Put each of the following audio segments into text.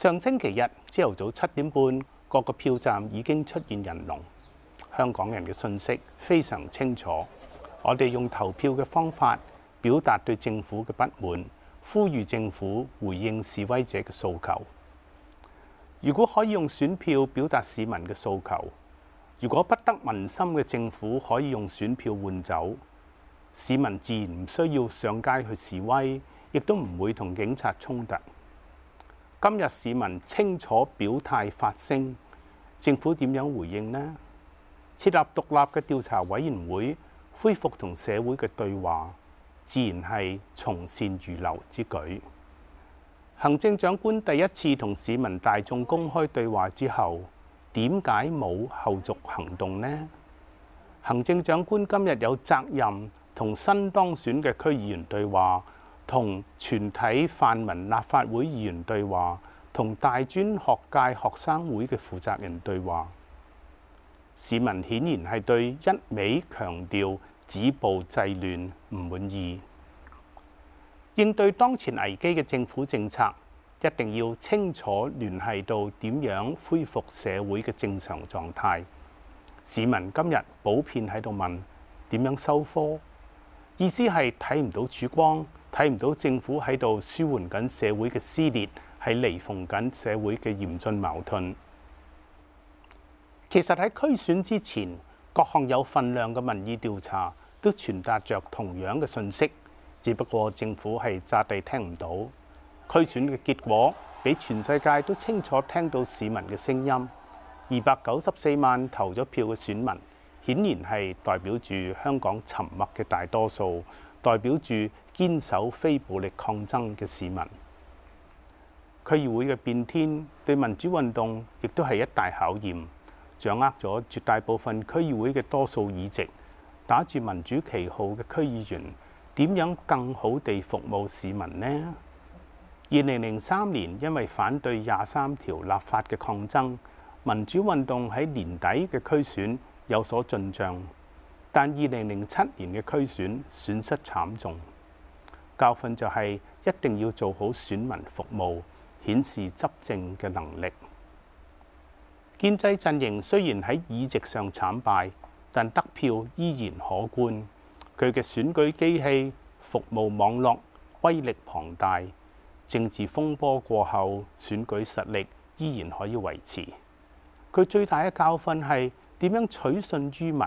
上星期日朝頭早七點半，各個票站已經出現人龍。香港人嘅訊息非常清楚，我哋用投票嘅方法表達對政府嘅不滿，呼籲政府回應示威者嘅訴求。如果可以用選票表達市民嘅訴求，如果不得民心嘅政府可以用選票換走，市民自然唔需要上街去示威，亦都唔會同警察衝突。今日市民清楚表態發聲，政府點樣回應呢？設立獨立嘅調查委員會，恢復同社會嘅對話，自然係從善如流之舉。行政長官第一次同市民大眾公開對話之後，點解冇後續行動呢？行政長官今日有責任同新當選嘅區議員對話。同全體泛民立法會議員對話，同大專學界學生會嘅負責人對話，市民顯然係對一味強調止暴制亂唔滿意。應對當前危機嘅政府政策，一定要清楚聯繫到點樣恢復社會嘅正常狀態。市民今日普遍喺度問點樣收科，意思係睇唔到曙光。睇唔到政府喺度舒緩緊社會嘅撕裂，係彌縫緊社會嘅嚴峻矛盾。其實喺區選之前，各項有份量嘅民意調查都傳達着同樣嘅信息，只不過政府係詐諦聽唔到。區選嘅結果俾全世界都清楚聽到市民嘅聲音。二百九十四萬投咗票嘅選民，顯然係代表住香港沉默嘅大多數。代表住堅守非暴力抗爭嘅市民，區議會嘅變天對民主運動亦都係一大考驗。掌握咗絕大部分區議會嘅多數議席，打住民主旗號嘅區議員點樣更好地服務市民呢？二零零三年因為反對廿三條立法嘅抗爭，民主運動喺年底嘅區選有所進帳。但二零零七年嘅區選損失慘重，教訓就係一定要做好選民服務，顯示執政嘅能力。建制陣營雖然喺議席上慘敗，但得票依然可觀，佢嘅選舉機器、服務網絡威力龐大。政治風波過後，選舉實力依然可以維持。佢最大嘅教訓係點樣取信於民。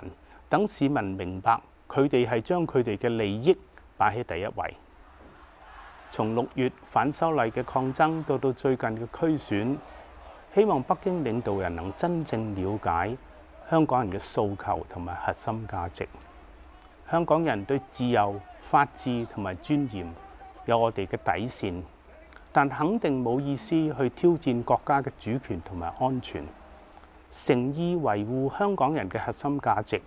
等市民明白，佢哋係將佢哋嘅利益擺喺第一位。從六月反修例嘅抗爭到到最近嘅區選，希望北京領導人能真正了解香港人嘅訴求同埋核心價值。香港人對自由、法治同埋尊嚴有我哋嘅底線，但肯定冇意思去挑戰國家嘅主權同埋安全，誠意維護香港人嘅核心價值。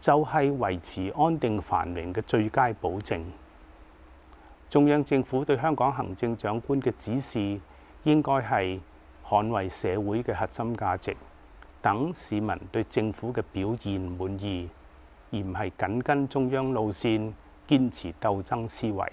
就係維持安定繁榮嘅最佳保證。中央政府對香港行政長官嘅指示，應該係捍衛社會嘅核心價值，等市民對政府嘅表現滿意，而唔係緊跟中央路線，堅持鬥爭思維。